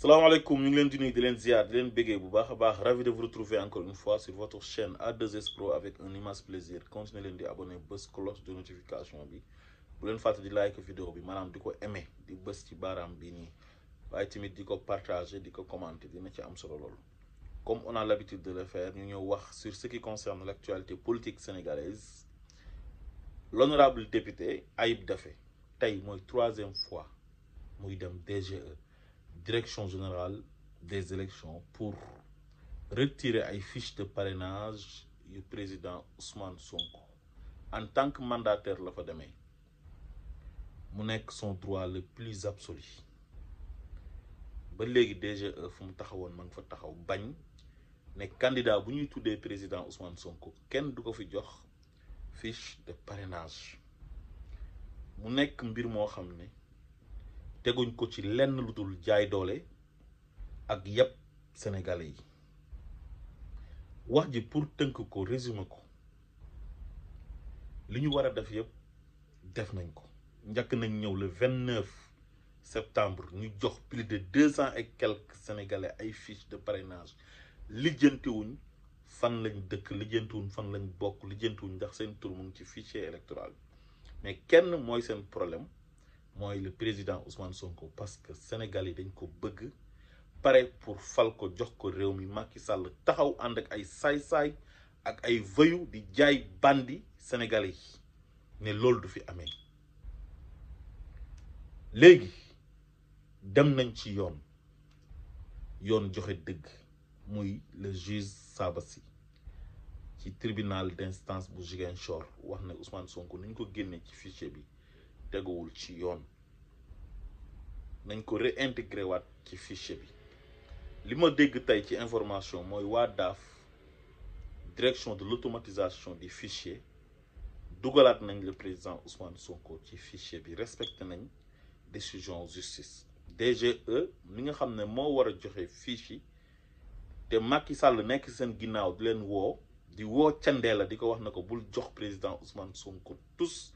Salam ñu ngi leen di nuyu di leen ziar di ravi de vous retrouver encore une fois sur votre chaîne A2S Pro avec un immense plaisir continuez leen di abonné la cloche de notification bi bu leen liker di like vidéo bi vous aime, de aimé di bës ci baaraam bi partager de vous commenter comme on a l'habitude de le faire nous allons voir sur ce qui concerne l'actualité politique sénégalaise l'honorable député Aïb qui taille moi troisième fois Moi dem DGE direction générale des élections pour retirer les fiches de parrainage du président Ousmane Sonko en tant que mandataire la fa Mon son droit le plus absolu Je ne suis pas mu mang fa taxaw candidat bu ñuy président Ousmane Sonko kenn du ko fi jox fiche de parrainage mu nekk mbir teguñ ko ci lenn lutul dul jaay doole ak yépp sénégalais yi wax ji pour teunk ko résumé ko li ñu war def yépp def nañ ko ñak nañ ñëw le 29 septembre ñu jox plus de deux cent et quelques sénégalais ay fiches de parrainage lijjantiwuñ fan lañ dëkk lijjantiwuñ fan lañ bokk lijjantiwuñ ndax seen tour mu ngi ci fichier électoral mais kenn mooy seen problème mooy le président Ousmane Sonko parce que Sénégal yi dañ ko bëgg pare pour fal ko jox ko réew mi Macky Sall taxaw ànd ak ay saay-saay ak ay vëyu di jaay bandi sénégalais yi ne loolu du fi amee léegi dem nañ ci yoon yoon joxe dëgg muy le juge Sabassi ci tribunal d'instance bu Ziguinchor wax na Ousmane Sonko ni ñu ko génnee ci fichier bi teguwul ci yoon nañ ko réintégré wat ci fichier bi lima dégg tay ci information moy wa DAF direction de l'automatisation des fichiers Dougalat nañ le président Ousmane Sonko ci fichier bi respecté nañ décision justice DGE mi nga xamné mo wara joxé fichier té Macky Sall nek sen ginnaw di leen woo di wo Thiendella la diko wax nako bul jox président Ousmane Sonko tous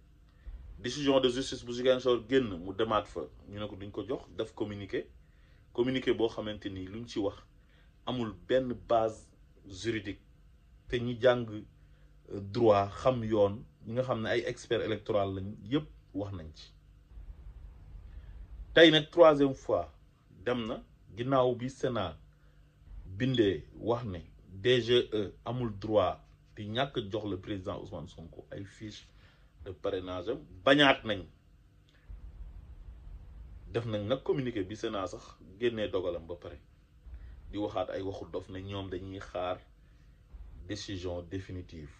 décision de justice bu Ziguinchor génn mu demaat fa ñu ne ko duñ ko jox def communiqué communiqué boo xamante ni luñ ci wax amul benn base juridique te ñi jàng euh, droit xam yoon ñi nga xam ne ay expert électoral lañ yépp wax nañ ci tey nag troisième fois dem na ginnaaw bi Sénat bindee wax ne DGE amul droit di ñàkk jox le président Ousmane Sonko ay fiche de pare am bañaat nañ def nañ nag communiqué bi Sénat sax génnee dogalam ba pare di waxaat ay waxu dof na ñoom dañuy xaar décision définitive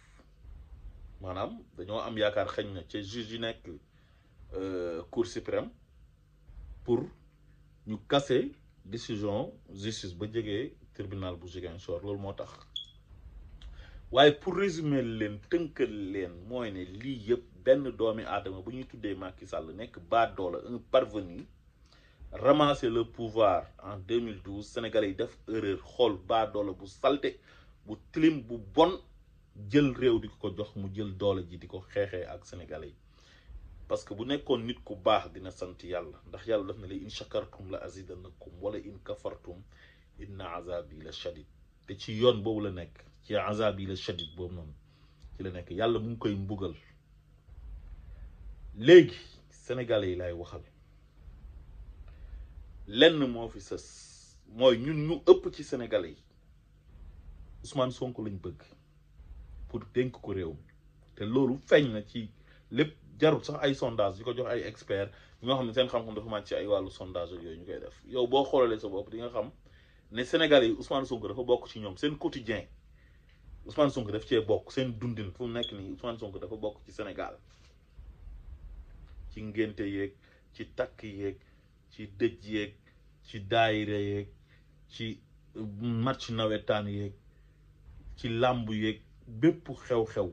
maanaam dañoo am yaakaar xëñ na ce juge yi nekk euh, cour suprême pour ñu casser décision justice ba jege tribunal bu Ziguinchor loolu moo tax waaye pour résumer leen tënkal leen mooy ne lii yëpp ben doomi adama bu ñuy tuddé Macky Sall nek nekk baadoola un parvenu ramasser le pouvoir en 2012 sénégalais def erreur xol xool baadoola bu salte bu tilim bu bon jël réew di ko jox mu jël doole ji di ko xexé ak sénégalais parce que bu nekkoon nit ku bax dina sant yàlla ndax yàlla daf ne la in shakartum la azidannakum wala in kafartum inna azabi la shadid te ci yoon bobu la nek ci azabi la shadid bobu non ci la nek yàlla mu ngi koy mbugal léegi sénégalais yi lay waxal lenn moo fi sës mooy ñun ñu ëpp ci sénégalais yi Ousmane Sonko lañ bëgg pour dénk ko réew mi te loolu feeñ na ci lépp jarul sax ay sondage yi ko jox ay experts ñoo xam ne seen xam-xam dafa ci ay wàllu yooyu ñu koy def yow boo xoolalee sa di nga xam ne sénégalais yi Ousmane Sonko dafa bokk ci ñoom seen quotidien Ousmane Sonko def cee bokk seen dundin fu mu nekk nii Ousmane Sonko dafa bokk ci Sénégal. ci ngénte yeeg ci takk yeeg ci dëj yeeg ci daayira yeeg ci match nawetaan yeeg ci làmb yeeg bépp xew-xew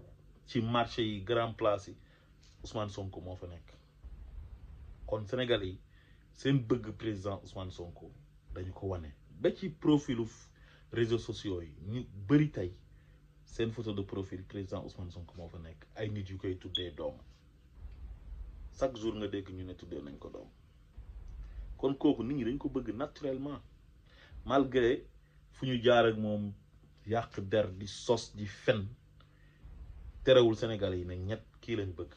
ci marché yi grand place yi Ousmane Sonko moo fa nekk kon Sénégal yi seen bëgg président Ousmane Sonko dañu ko wane ba ci profilu réseaux sociaux yi ñu bëri tey seen photo de profil président Ousmane Sonko moo fa nekk ay nit yu koy tuddee doom chaque jour nga dégg ñu ne tuddee nañ ko doom kon kooku nit ñi dañ ko bëgg naturellement malgré fu ñu jaar ak moom yàq der di sos di fen terewul Sénégal yi ne ñett kii lañ bëgg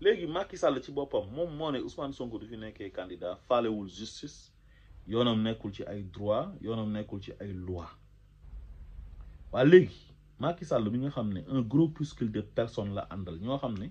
léegi Macky Sall ci boppam moom moo ne Ousmane Sonko du fi nekkee candidat faalewul justice yoonam nekkul ci ay droit yoonam nekkul ci ay loi waa léegi Macky Sall bi nga xam ne un groupuscule de personnes la àndal ñoo xam ne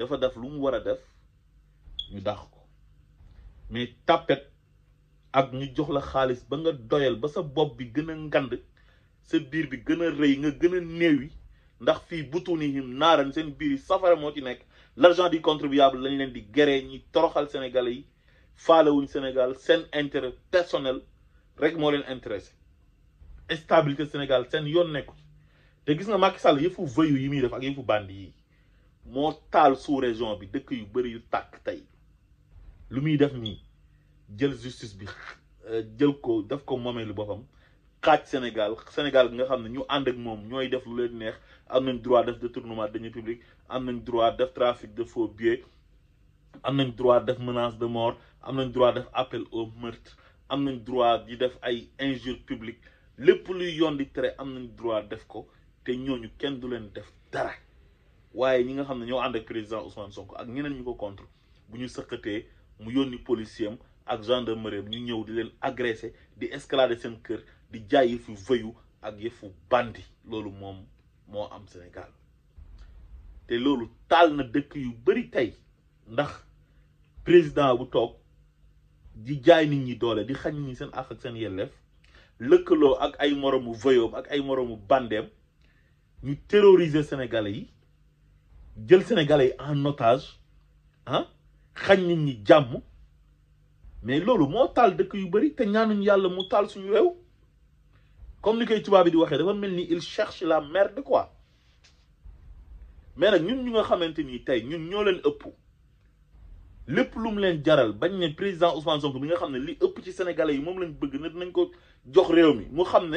dafa def lu mu wara def ñu dàq ko mais tapet ak ñu jox la xaaliss ba nga doyal ba sa bop bi gëna ngand sa bir bi gëna a nga gëna a néewi ndax fi butunihim naaran seen biir safara mo ci nek l'argent du contribuable lañ leen di géré ñi toroxal Sénégalais yi faalé wuñ Sénégal sen intérêt personnel rek mo leen intéressé stabilité Sénégal sen yoon nekku te gis nga Macky Sall yëfu veuyu yi muy def ak yëfu bandi yi moo taal sous région bi dëkk yu bëri yu tàkk tey lu muy def nii jël justice bi euh, jël ko def ko moomeelu boppam xaaj Sénégal Sénégal bi nga xam ne ñu ànd ak moom ñooy def lu leen neex am nañ droit def détournement de deniers publics am nañ droit def trafic de faux billets am nañ droit def menace de mort am nañ droit def appel au meurtre am nañ droit di def ay injures publiques lépp luy yoon di tere am nañ droit def ko te ñooñu kenn du leen def dara waaye ñi nga xam ne ñoo ànd ak président Ousmane Sonko ak ñeneen ñu ko contre bu ñu sëqatee mu yónni policier ak gendarmerie ñu ñëw di leen agressé di escalader seen kër di jaay fu vëyu ak yëfu bandi loolu moom moo am Sénégal te loolu taal na dëkk yu bari tey ndax président bu toog di jaay nit ñi doole di xañ ñi seen àq ak seen yelleef lëkkaloo ak ay moroomu vëyoom ak ay moroomu bandeem ñu terroriser sénégalais yi jël Sénégalais en otage han hein, xagn nit ñi jamm mais lolu mo taal dëkk yu bëri te ñaanuñ yalla mu taal suñu rew comme ni koy tubaab bi di waxe dafa melni il cherche la merde quoi mais nak ñun ñu nga xamanteni tay ñun ñoo leen ëpp lepp lu mu leen jaral bañ ne président Ousmane Sonko bi nga xam li ëpp ci sénégalais yi mom lañ bëgg na dinañ ko jox réew mi mu xam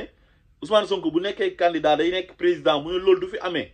Ousmane Sonko bu nekkee candidat day nekk président mu ne loolu du fi amee.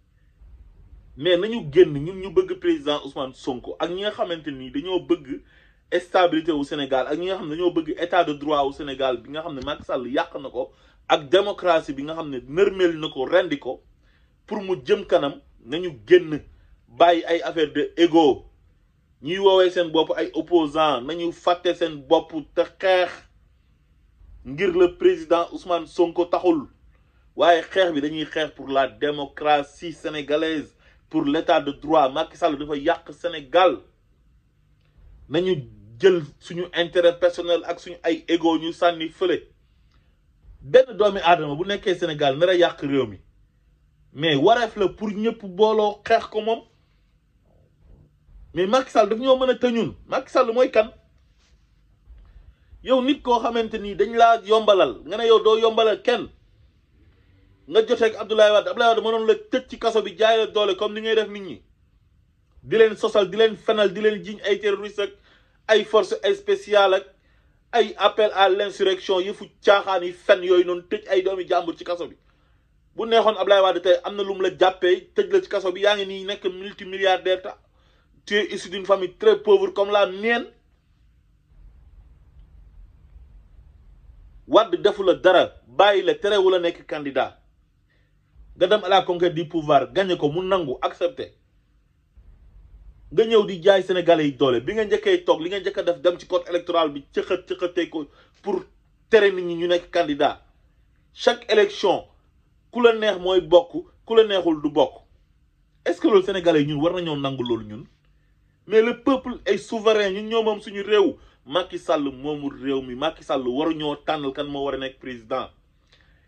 mais nañu génn ñun ñu bëgg président Ousmane Sonko ak ñi nga xamante ni dañoo bëgg stabilité au Sénégal ak ñi nga xam ne dañoo bëgg état de droit au Sénégal bi nga xam ne Macky Sall yàq na ko ak démocratie bi nga xam ne nërmeel na ko rendi ko pour mu jëm kanam nañu génn bàyyi ay affaire de ego ñuy woowee seen bopp ay opposant nañu fàtte seen bopp te xeex ngir le président Ousmane Sonko taxul waaye xeex bi dañuy xeex pour la démocratie sénégalaise pour l'état de droit Macky Sall dafa yàq Sénégal nañu jël suñu intérêt personnel ak suñu ay ego ñu sanni feulé ben doomi aadama bu nekké Sénégal nar a yàq réew mi mais wareef la pour ñëpp bolo xex ko mom mais Macky Sall daf ñoo mëna a Macky Sall moy kan yow nit ko xamanteni dañ la yombalal nga ne yow do yombalal kenn nga jotee ak Abdoulaye wad Abdoulaye Wade mënoon la tecc ci kasso bi jaay la doole comme ni ngay def nit ñi di leen sosal di leen fenal di leen jiñ ay terroriste ak ay force ay spécial ak ay appel à l'insurrection yëfu caaxaan yi fen yooyu noonu tëj ay doomi jàmbur ci kasso bi bu neexoon Abdoulaye Wade tey am na lu mu la jàppe tëj la ci kasso bi yaa ngi nii nekk multimilliardaire ta tu es issu d'une famille très pauvre comme la mienne Wade defu la dara bàyyi la terewul la nekk candidat nga dem la conquête du pouvoir gagné ko mu nangou accepté nga ñew di jaay sénégalais yi doole bi nga jëkke tok li nga jëkke def dem ci code électoral bi ci cëxatee ko pour tere nit ñi ñu nek candidat chaque élection ku la neex moy bokk ku la neexul du bokk est-ce que le sénégalais ñun war nañu nangul lool ñun mais le peuple est souverain ñun ñoo moom suñu réew Macky Sall moomul réew mi Macky Sall ñoo tanal kan mo war nek président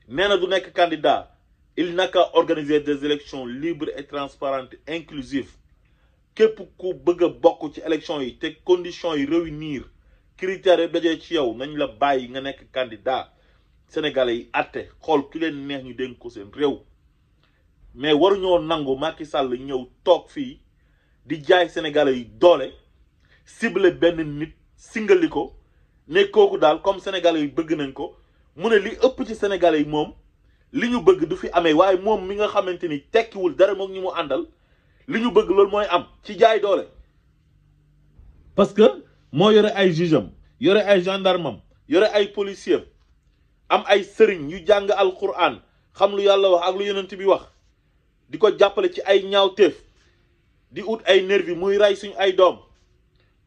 néna du nek candidat il n'a qu'à organiser des élections libres et transparentes inclusives képp ku bëgg a bokk ci élections yi te conditions yi réunir critères yi dajee ci yow nañ la bàyyi nga nekk candidat sénégalais yi àtte xool ki leen neex ñu dénk ko seen réew mais waruñoo nangu Macky Sall ñëw toog fii di jaay sénégalais yi doole ciblé benn nit singali ko ne kooku daal comme sénégalais yi bëgg nañ ko mu ne li ëpp ci sénégalais yi moom. liñu bëgg du fi amé waye mom mi nga xamanteni tekki wul dara moom ñi mu àndal liñu bëgg lool moy am ci jaay doole parce que mo yore ay jugeum yore ay gendarmam yore ay policier am ay sëriñ yu jàng alquran xam lu yàlla wax ak lu yonent bi wax diko jàppale ci ay ñaawteef di ut ay nervi muy ray suñ ay doom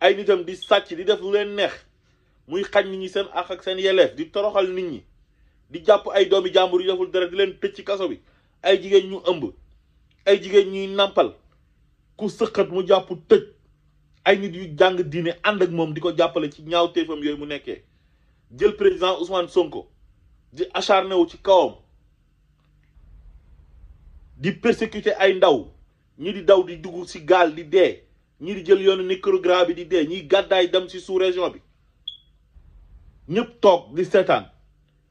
ay nitam di sàcc di def lu leen neex muy xagn ñi seen ak ak seen yelef di toroxal nit ñi di jàpp ay doomi jàmbur yu deful dara di leen tëj ci kaso bi ay jigéen ñu ëmb ay jigéen ñuy nàmpal ku sëqat mu jàpp tëj ay nit yu jàng diine ànd ak moom di ko jàppale ci ñaaw téefam yooyu mu nekkee jël président Ousmane Sonko di acharné wu ci kawam di persécuter ay ndaw ñi di daw di dugg ci gaal di dee ñi di jël yoonu Nicaragua bi di dee ñiy gàddaay dem ci sous-région bi ñëpp toog di seetaan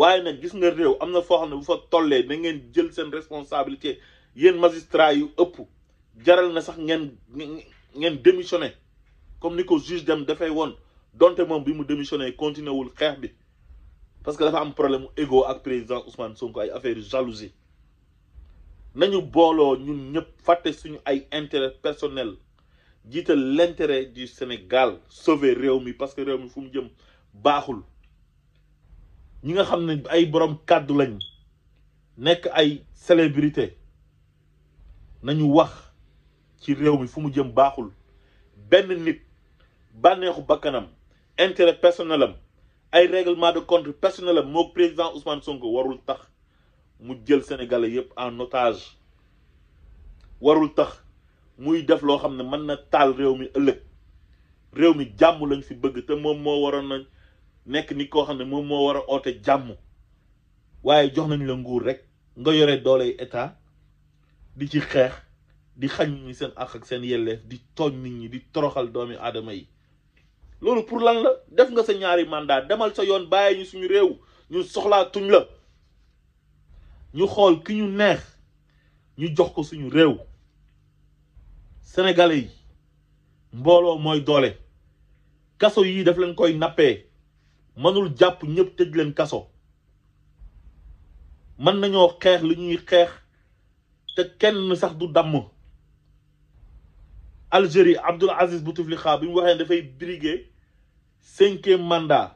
waaye nag gis nga réew am na foo xam ne bu fa tollee na ngeen jël seen responsabilité yéen magistrat yu ëpp jaral na sax ngeen ngeen démissionné comme ni ko juge dem dafay woon donte moom bi mu démissionné continué wul xeex bi parce que dafa am problème ego ak président Ousmane Sonko ay affaire jalousie nañu booloo ñun ñëpp fàtte suñu ay intérêt personnel jiital l'intérêt du Sénégal sauver réew mi parce que réew mi fu mu jëm baaxul ñi nga xam ne ay borom kàddu lañ nekk ay célébrité nañu wax ci réew mi fu mu jëm baaxul benn nit bànneexu bakkanam intérêt personnelam ay règlement de compte personnelam am président Ousmane Sonko warul tax mu jël sénégalais yépp en otage warul tax muy def loo xam ne mën na taal réew mi ëllëg réew mi jàmm lañ fi bëgg te moom moo waroon nañ Nek nit ko xamne mom mo wara oté jamm waye jox nañ la nguur rek nga yoré dooley état di ci xex di xagn ni seen ak ak seen yelleef di togn nit ñi di toroxal doomi adama yi lolu pour lan la def nga sa ñaari mandat demal sa yoon baye ñu suñu rew ñu soxla tuñ la ñu xol ki ñu neex ñu jox ko suñu rew sénégalais yi mbolo moy doole kasso yi daf lañ koy nappé Manul le ñepp Je leen kasso man xex li ñuy te kenn sax du dam Algérie abdul Aziz Bouteflika bi mu briguer cinquième mandat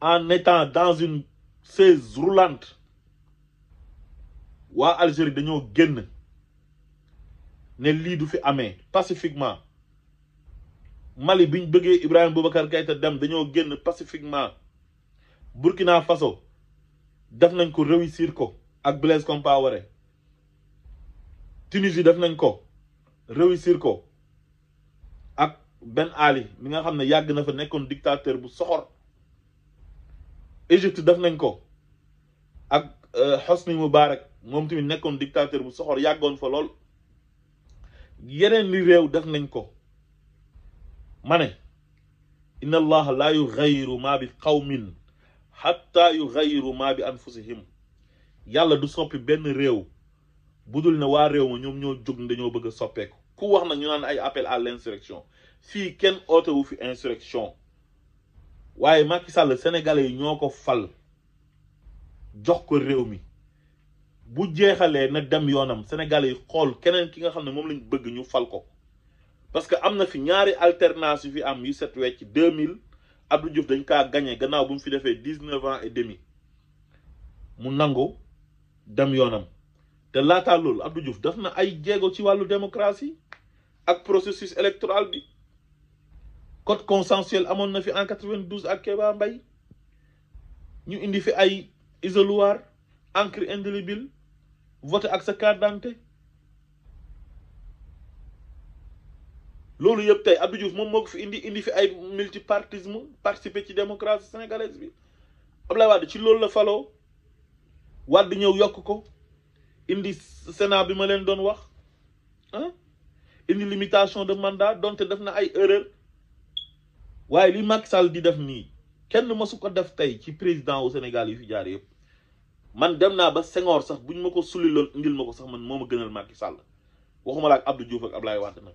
en étant dans une chaise roulante wa Algérie dañoo génn ne lii du fi pacifiquement Mali bi ñu bëggee Ibrahima Boubacar Keïta dem dañoo génn pacifiquement Burkina Faso def nañ ko réussir ko ak Blaise Compaoré Tunisie def nañ ko réussir ko ak Ben Ali mi nga xam ne yàgg na fa nekkoon dictateur bu soxor Égypte def nañ ko ak euh, Hosni Moubarak moom tamit nekkoon dictateur bu soxor yàggoon fa lool yeneen li réew def nañ ko. mané inna allaha la yughayyiru ma bi qawmin hatta yughayyiru ma bi anfusihim yàlla du soppi ben rew budul ne wa rew mo ñom ñoo jóg dañoo bëgg a ku wax na ñu naan ay appel à l'insurrection fi ken auto wu fi insurrection waye Macky Sall sénégalais ñoko fal jox ko rew mi bu jéxalé na dem yonam sénégalais xol keneen ki nga xamne mom lañ bëgg ñu fal ko parce que am na fi ñaari alternance yu fi am yu set wecc 2000 Abdou Diouf dañ kaa gañee gannaaw bu mu fi defee 19 ans et demi mu nangu dem yoonam te laataa loolu Abdou Diouf daf na ay jéego ci wàllu démocratie ak processus électoral bi code consensuel amoon na fi en 92 ak Kéba mbay ñu indi fi ay isoloir encre indélébile voté ak sa carte lolu yeb tay Abdou Diouf mom moko fi indi indi fi ay multipartisme participer ci démocratie sénégalaise bi Abdoulaye wad ci lolu la falo wad ñew yokk ko indi Sénat bi ma leen doon wax hein indi limitation de mandat donte def na ay erreur waye li Macky Sall di def ni kenn mësu ko def tay ci président au Sénégal yu fi jaar yeb man dem naa ba Senghor sax buñ mako sulilon suliloon indil ma sax man moma gënal Macky Sall waxuma lak Abdou Diouf ak Abdoulaye wad nag.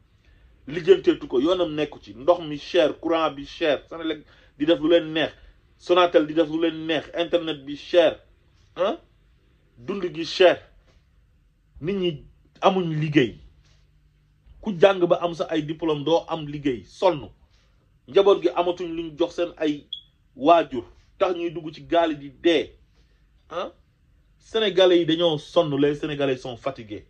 lijjanteetu ko yoonam ci ndox mi cher courant bi cher di def Sonatel di internet bi cher ah dund gi cher nit ñi amuñ ku ba am sa ay diplôme doo am liggéey sonn njaboot gi sénégalais les sénégalais sont fatigués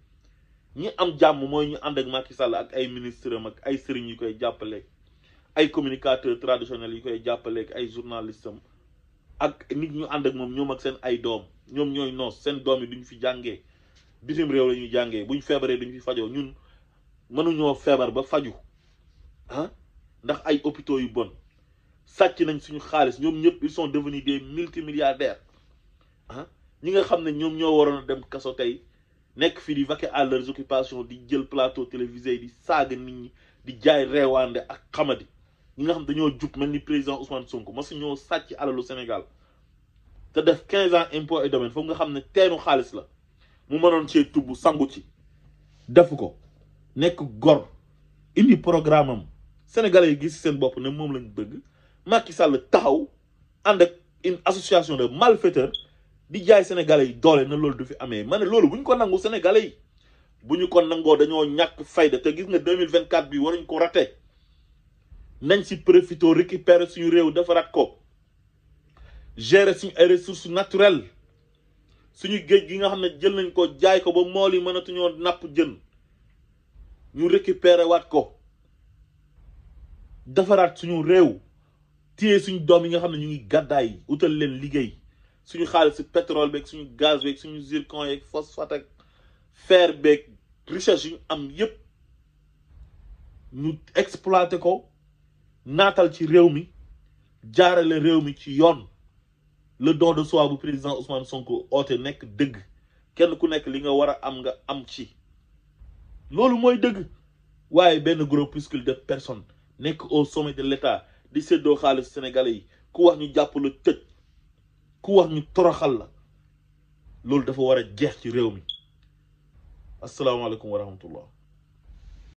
ñi am jàmm mooy ñu ànd ak Macky Sall ak ay ministre am ak ay sëriñ yu koy jàppaleeg ay communicateur traditionnels yu koy jàppaleeg ay journalistes ak nit ñu ànd ak moom ñoom ak seen ay doom ñoom ñooy noos seen doom yi duñ fi jàngee bitim réew la ñuy jàngee buñ feebaree duñ fi fajoo ñun mënuñoo feebar ba faju ah ndax ay hôpitaux yu bon sàcc nañ suñu xaalis ñoom ñëpp ils sont devenus des multimilliardaires ah ñi nga xam ne ñoom ñoo waroon a dem kaso tey nekk fii di vaquer à leurs di jël plateau télévisé di saaga nit di jaay reewaande ak xamadi ñi nga xam dañoo jub mel ni président Ousmane Sonko mosu ñoo sàcc alalu Sénégal te def 15 ans impôt et domaine foofu nga xam ne teenu xaalis la mu mënoon cee tubb sangu ci def ko nekk gor indi programme am sénégalais yi gis seen bopp ne moom lañu bëgg Macky Sall taxaw ànd ak une association de malfaiteurs di jaay sénégalais yi doole na loolu du fi amee ma ne loolu bu ñu ko nangu sénégalais yi bu ñu ko nangoo dañoo ñàkk fayda te gis nga 2024 bi waruñ ko raté nañ si profité récupérer suñu réew defaraat ko gere suñu ay ressources naturelles suñu géej gi nga xam ne jël nañ ko jaay ko ba mool yi mënatuñoo napp jën ñu récupérer waat ko defaraat suñu réew téye suñu doom yi nga xam ne ñu ngi gàddaay utal leen liggéey suñu xaalis si pétrole beeg suñu gaz beeg suñu zircon yeeg phosphate ak fer beeg richesse yu ñu am yépp ñu exploité ko naatal ci réew mi jaarale réew mi ci yoon le don de soi bu président Ousmane Sonko oote nekk dëgg kenn ku nekk li nga war a am nga am ci loolu mooy dëgg waaye benn groupuscule de personne nekk au sommet de l'État di séddoo xaalis sénégalais yi ku wax ñu jàpp la tëj ku wax ñu toroxal la loolu dafa war a jeex ci réew mi asalaamaaleykum wa rahmatullah